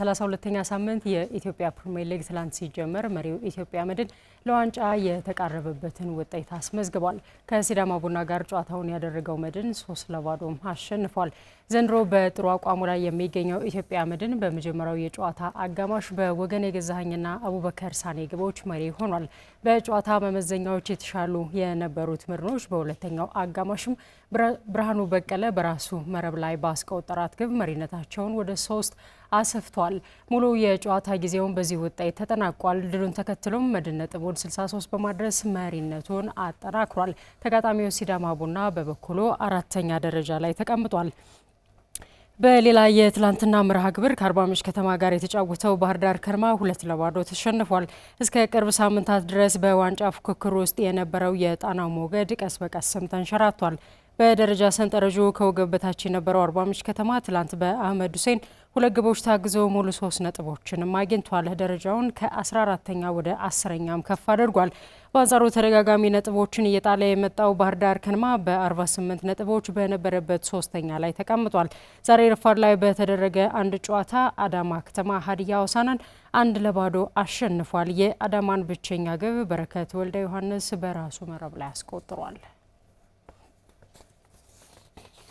ሰላሳ ሁለተኛ ሳምንት የኢትዮጵያ ፕሪሚየር ሊግ ትላንት ሲጀመር መሪው ኢትዮጵያ መድን ለዋንጫ የተቃረበበትን ውጤት አስመዝግቧል። ከሲዳማ ቡና ጋር ጨዋታውን ያደረገው መድን ሶስት ለባዶም አሸንፏል። ዘንድሮ በጥሩ አቋሙ ላይ የሚገኘው ኢትዮጵያ መድን በመጀመሪያው የጨዋታ አጋማሽ በወገን የገዛኸኝና አቡበከር ሳኔ ግቦች መሪ ሆኗል። በጨዋታ መመዘኛዎች የተሻሉ የነበሩት መድኖች በሁለተኛው አጋማሽም ብርሃኑ በቀለ በራሱ መረብ ላይ ባስቆጠራት ግብ መሪነታቸውን ወደ ሶስት አሰፍቷል። ሙሉ የጨዋታ ጊዜውን በዚህ ውጤት ተጠናቋል። ድሉን ተከትሎም መድን ነጥቡን 63 በማድረስ መሪነቱን አጠናክሯል። ተጋጣሚው ሲዳማ ቡና በበኩሉ አራተኛ ደረጃ ላይ ተቀምጧል። በሌላ የትላንትና መርሃ ግብር ከአርባ ምንጭ ከተማ ጋር የተጫወተው ባህር ዳር ከርማ ሁለት ለባዶ ተሸንፏል። እስከ ቅርብ ሳምንታት ድረስ በዋንጫ ፉክክር ውስጥ የነበረው የጣናው ሞገድ ቀስ በቀስም ተንሸራቷል። በደረጃ ሰንጠረዡ ከወገብ በታች የነበረው አርባ ምንጭ ከተማ ትላንት በአህመድ ሁሴን ሁለት ግቦች ታግዘው ሙሉ ሶስት ነጥቦችንም አግኝቷል። ደረጃውን ከ 14 ወደ አስረኛም ከፍ አድርጓል። በአንጻሩ ተደጋጋሚ ነጥቦችን እየጣለ የመጣው ባህር ዳር ከነማ በ48 ነጥቦች በነበረበት ሶስተኛ ላይ ተቀምጧል። ዛሬ ረፋድ ላይ በተደረገ አንድ ጨዋታ አዳማ ከተማ ሀዲያ ሆሳዕናን አንድ ለባዶ አሸንፏል። የአዳማን ብቸኛ ግብ በረከት ወልደ ዮሐንስ በራሱ መረብ ላይ አስቆጥሯል።